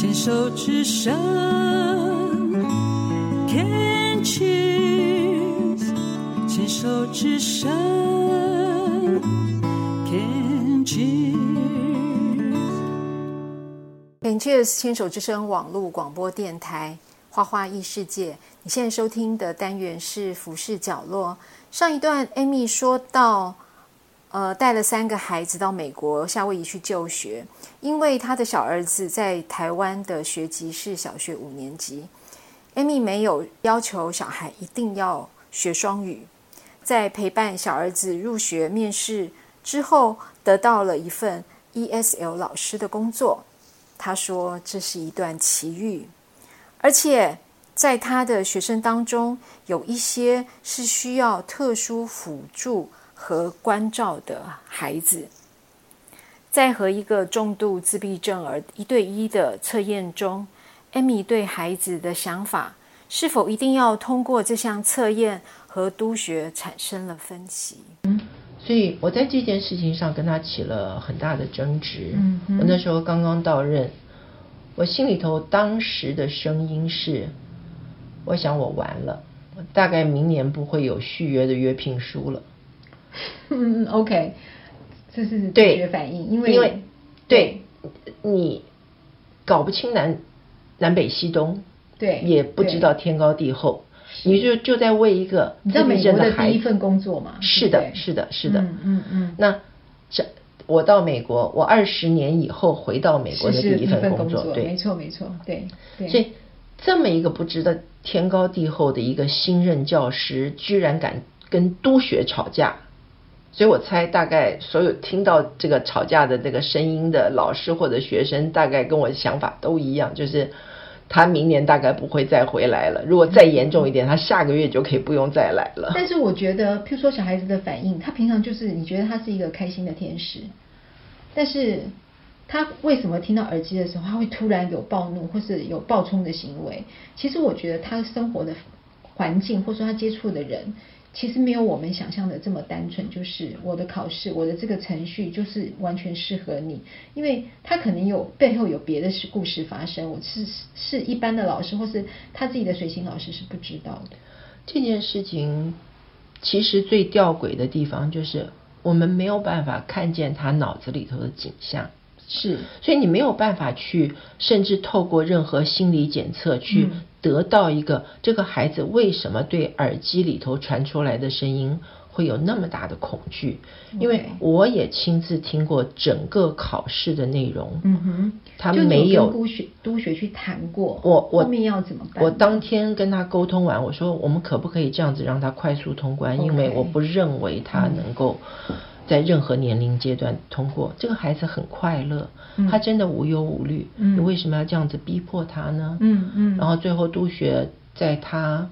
牽手之聲，CanCheers！牽手之聲，CanCheers！CanCheers！牽手之聲網絡廣播電台，花花異世界。你現在收聽的單元是浮世角落。上一段 Amy 說到。呃，帶了三個孩子到美國夏威夷去就學，因為她的小兒子在台灣的學籍是小學五年級。Amy 沒有要求小孩一定要學雙語，在陪伴小兒子入學面試之後，得到了一份 ESL 老師的工作。她說這是一段奇遇，而且在她的學生當中有一些是需要特殊輔助。和關照的孩子，在和一個重度自閉症兒一對一的測驗中，艾米對孩子的想法是否一定要通過這項測驗，和督學產生了分歧。嗯，所以我在這件事情上跟他起了很大的爭執。嗯哼我那時候剛剛到任，我心裡頭當時的聲音是：我想我完了，我大概明年不會有續約的約聘書了。嗯，OK，這是直覺反應，因為因為，對，你搞不清南南北西東，對，也不知道天高地厚，你就就在為一個你知道美國的第一份工作嗎？是的，是的，是的，嗯嗯那這我到美國，我二十年以後回到美國的第一份工作，對，沒錯，沒錯，對，所以這麼一個不知道天高地厚的一個新任教師，居然敢跟督學吵架。所以我猜，大概所有聽到這個吵架的這個聲音的老師或者學生，大概跟我的想法都一樣，就是他明年大概不會再回來了。如果再嚴重一點，他下個月就可以不用再來了。嗯，嗯。但是我覺得，譬如說小孩子的反應，他平常就是你覺得他是一個開心的天使，但是他為什麼聽到耳機的時候，他會突然有暴怒或是有暴衝的行為？其實我覺得他生活的環境，或者說他接觸的人。其實沒有我們想象的這麼單純，就是我的考試，我的這個程序，就是完全適合你，因為他可能有背後有別的事故事發生，我是是一般的老師或是他自己的隨行老師是不知道的。這件事情其實最吊詭的地方就是我們沒有辦法看見他腦子裡頭的景象。是，所以你沒有辦法去，甚至透過任何心理檢測去得到一個這個孩子為什麼對耳機裡頭傳出來的聲音會有那麼大的恐懼？因為我也親自聽過整個考試的內容，嗯哼 Okay，他沒有跟督學，督學去談過，我我後面要怎麼辦？我當天跟他溝通完，我說，我們可不可以這樣子讓他快速通關？Okay 因為我不認為他能夠。嗯在任何年齡階段，通過這個孩子很快樂，嗯、他真的無憂無慮。嗯、你為什麼要這樣子逼迫他呢？嗯嗯。嗯然後最後督學在他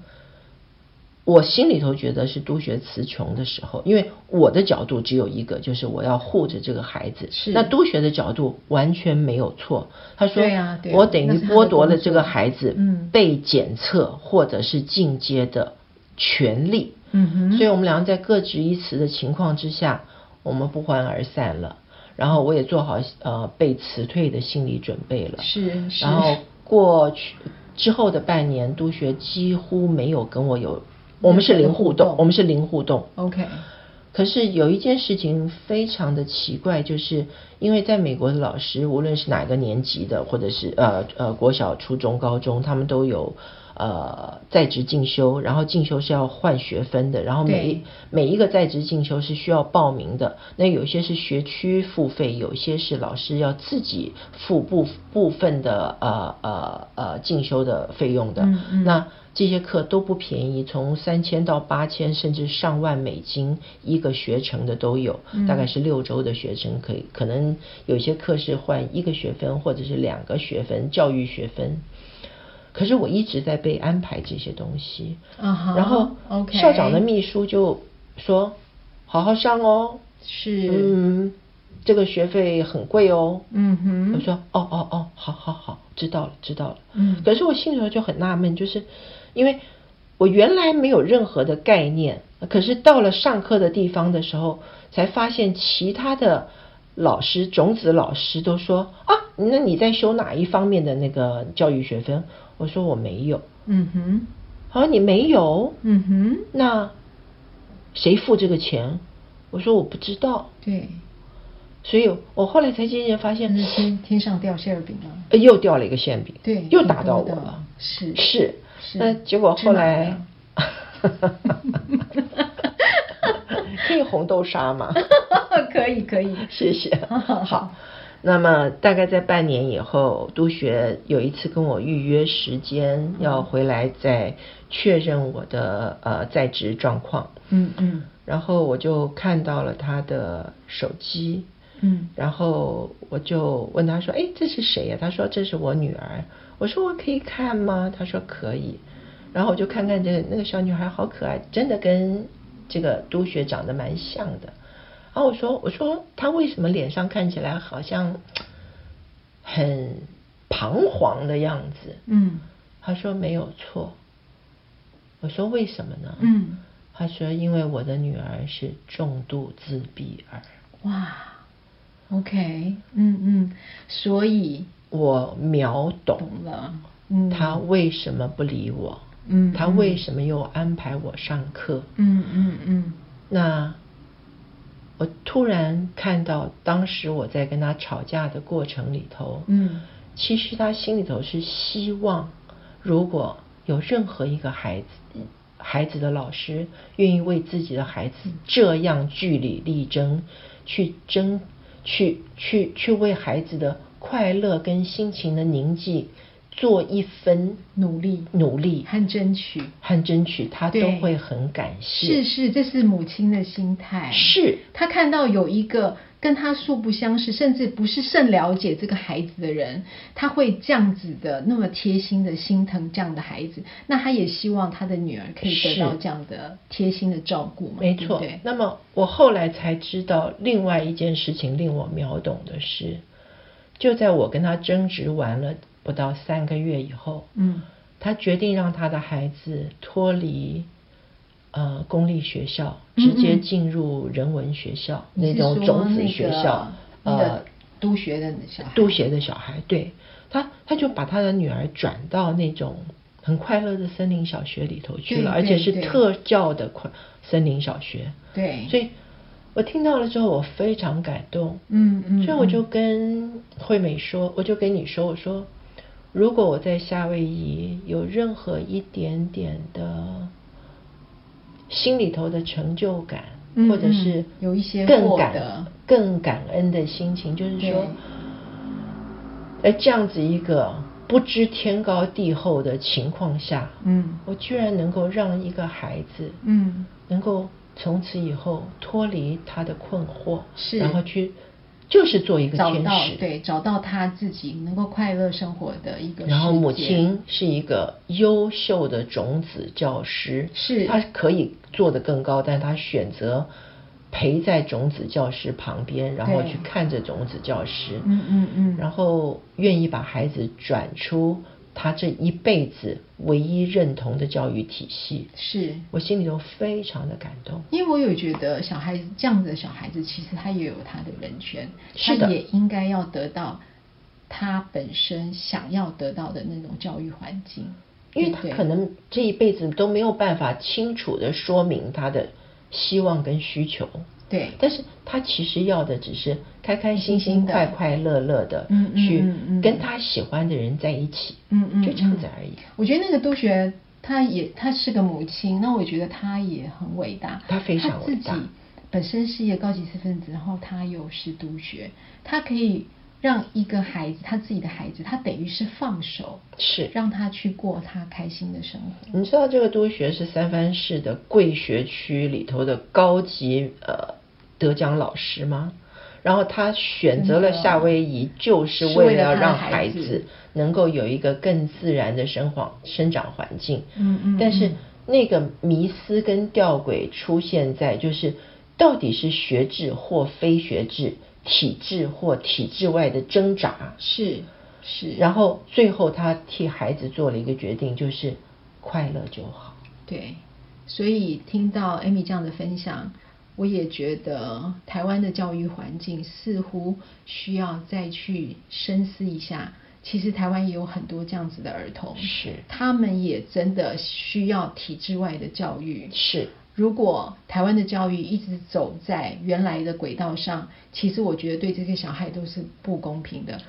我心裡頭覺得是督學詞窮的時候，因為我的角度只有一個，就是我要護着這個孩子。是。那督學的角度完全沒有錯。他說：“對啊，對啊，我等於剝奪了這個孩子被檢測或者是進階的權利。嗯哼。”嗯所以我們兩個在各執一詞的情況之下。我們不歡而散了，然後我也做好呃被辭退的心理準備了。是是。是然後過去之後的半年，督學幾乎沒有跟我有，我們是零互動，互動我們是零互動。OK。可是有一件事情非常的奇怪，就是因為在美國的老師，無論是哪個年級的，或者是呃呃國小、初中、高中，他們都有。呃，在職進修，然後進修是要換學分的，然後每對每一個在職進修是需要報名的。那有些是學區付費，有些是老師要自己付部部分的呃呃呃進修的費用的。嗯嗯那這些課都不便宜，從三千到八千，甚至上萬美金一個學程的都有，嗯、大概是六週的學程可以。可能有些課是換一個學分，或者是兩個學分教育學分。可是我一直在被安排這些東西，uh-huh, 然後校長的秘書就說：“ Okay. 好好上哦，是嗯，嗯這個學費很貴哦，嗯哼。”我說：“哦哦哦，好好好，知道了知道了。”嗯，可是我心裡頭就很納悶，就是因為我原來沒有任何的概念，可是到了上課的地方的時候，才發現其他的老師種子老師都說：“啊，那你在修哪一方面的那個教育學分？”我說我沒有。嗯哼，他說，你沒有。嗯哼，那誰付這個錢？我說我不知道。對，所以我後來才漸漸發現，是天天上掉餡兒餅了。又掉了一個餡餅。對，又打到我了。是是是，那結果後來。可以紅豆沙嗎？可以可以，謝謝。好。那麼大概在半年以後，督學有一次跟我預約時間，要回來再確認我的呃在職狀況。嗯嗯。嗯，然後我就看到了他的手機。嗯。然後我就問他說：“哎，這是誰呀？”他說：“這是我女兒。”我說：“我可以看嗎？”他說：“可以。”然後我就看看這個那個小女孩好可愛，真的跟這個督學長得蠻像的。我說：“我說他為什麼臉上看起來好像很彷徨的樣子？”嗯，他說：“沒有錯。”我說：“為什麼呢？”嗯，他說：“因為我的女兒是重度自閉兒。哇”哇，OK，嗯嗯，所以我秒懂，懂了，嗯，他為什麼不理我，嗯，他為什麼又安排我上課？嗯嗯嗯，嗯嗯那。我突然看到，當時我在跟他吵架的過程裡頭，嗯，其實他心裡頭是希望，如果有任何一個孩子，孩子的老師願意為自己的孩子這樣據理力爭，嗯、去爭，去去去為孩子的快樂跟心情的寧靜。做一分努力，努力和爭取，和爭取，他對都會很感謝。是是，這是母親的心態。是。他看到有一個跟他素不相識，甚至不是甚了解這個孩子的人，他會這樣子的那麼貼心的心疼這樣的孩子，那他也希望他的女兒可以得到這樣的貼心的照顧嘛。是對對沒錯。那麼我後來才知道，另外一件事情令我秒懂的是，就在我跟他爭執完了。不到三個月以後，嗯，他決定讓他的孩子脫離呃公立學校，嗯嗯直接進入人文學校那種種子學校，那個、呃，督學的、的小督學的小孩，對他，他就把他的女兒轉到那種很快樂的森林小學裡頭去了，而且是特教的快森林小學，對，所以我聽到了之後，我非常感動，嗯、嗯嗯，所以我就跟惠美說，我就跟你說，我說。如果我在夏威夷有任何一點點的心裡頭的成就感，或者是有一些更感、更感恩的心情，就是說，哎對、呃，這樣子一個不知天高地厚的情況下，嗯，我居然能夠讓一個孩子，嗯，能夠從此以後脫離他的困惑，是，然後去。就是做一個天使，對，找到他自己能夠快樂生活的一個。然後母親是一個優秀的種子教師，是她可以做得更高，但她選擇陪在種子教師旁邊，然後去看着種子教師，嗯嗯嗯，然後願意把孩子轉出。他這一輩子唯一認同的教育體系，是我心裡頭非常的感動，因為我有覺得小孩子這樣子的小孩子,其實他也有他的人權，的他也應該要得到他本身想要得到的那種教育環境，因為他可能這一輩子都沒有辦法清楚的說明他的。希望跟需求，對，但是他其實要的只是開開心心、快快樂樂的，去跟他喜歡的人在一起，嗯嗯，嗯嗯嗯嗯就這樣子而已。我覺得那個督學，他也他是個母親，那我覺得他也很偉大，他非常偉大，他自己本身是一個高級知識分子，然後他又是督學，他可以。讓一個孩子，他自己的孩子，他等於是放手，是讓他去過他開心的生活。你知道這個督學是三藩市的貴學區裡頭的高級呃得獎老師嗎？然後他選擇了夏威夷，就是為了讓孩子能夠有一個更自然的生活生長環境。嗯嗯。嗯，但是那個迷思跟吊詭出現在就是到底是學制或非學制。體制或體制外的掙扎，是是，是是，然後最後他替孩子做了一個決定，就是快樂就好。對，所以聽到 Amy 這樣的分享，我也覺得台灣的教育環境似乎需要再去深思一下。其實台灣也有很多這樣子的兒童，是他們也真的需要體制外的教育，是。如果台灣的教育一直走在原來的軌道上，其實我覺得對這些小孩都是不公平的。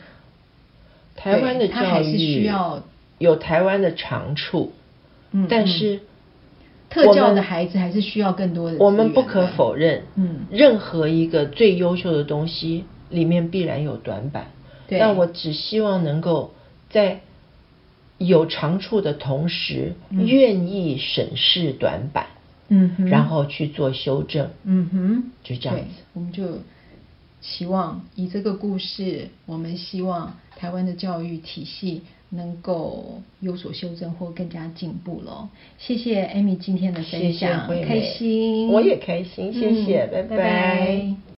台灣的教育，它還是需要有台灣的長處，嗯嗯、但是特教的孩子還是需要更多的。我們不可否認，嗯，任何一個最優秀的東西裡面必然有短板。對那我只希望能夠在有長處的同時，願意審視短板。嗯嗯哼，然後去做修正，嗯哼，就這樣子。我們就期望以這個故事，我們希望台灣的教育體系能夠有所修正或更加進步咯，謝謝 Amy 今天的分享，謝謝開心，我也開心，謝謝，嗯、拜拜。拜拜。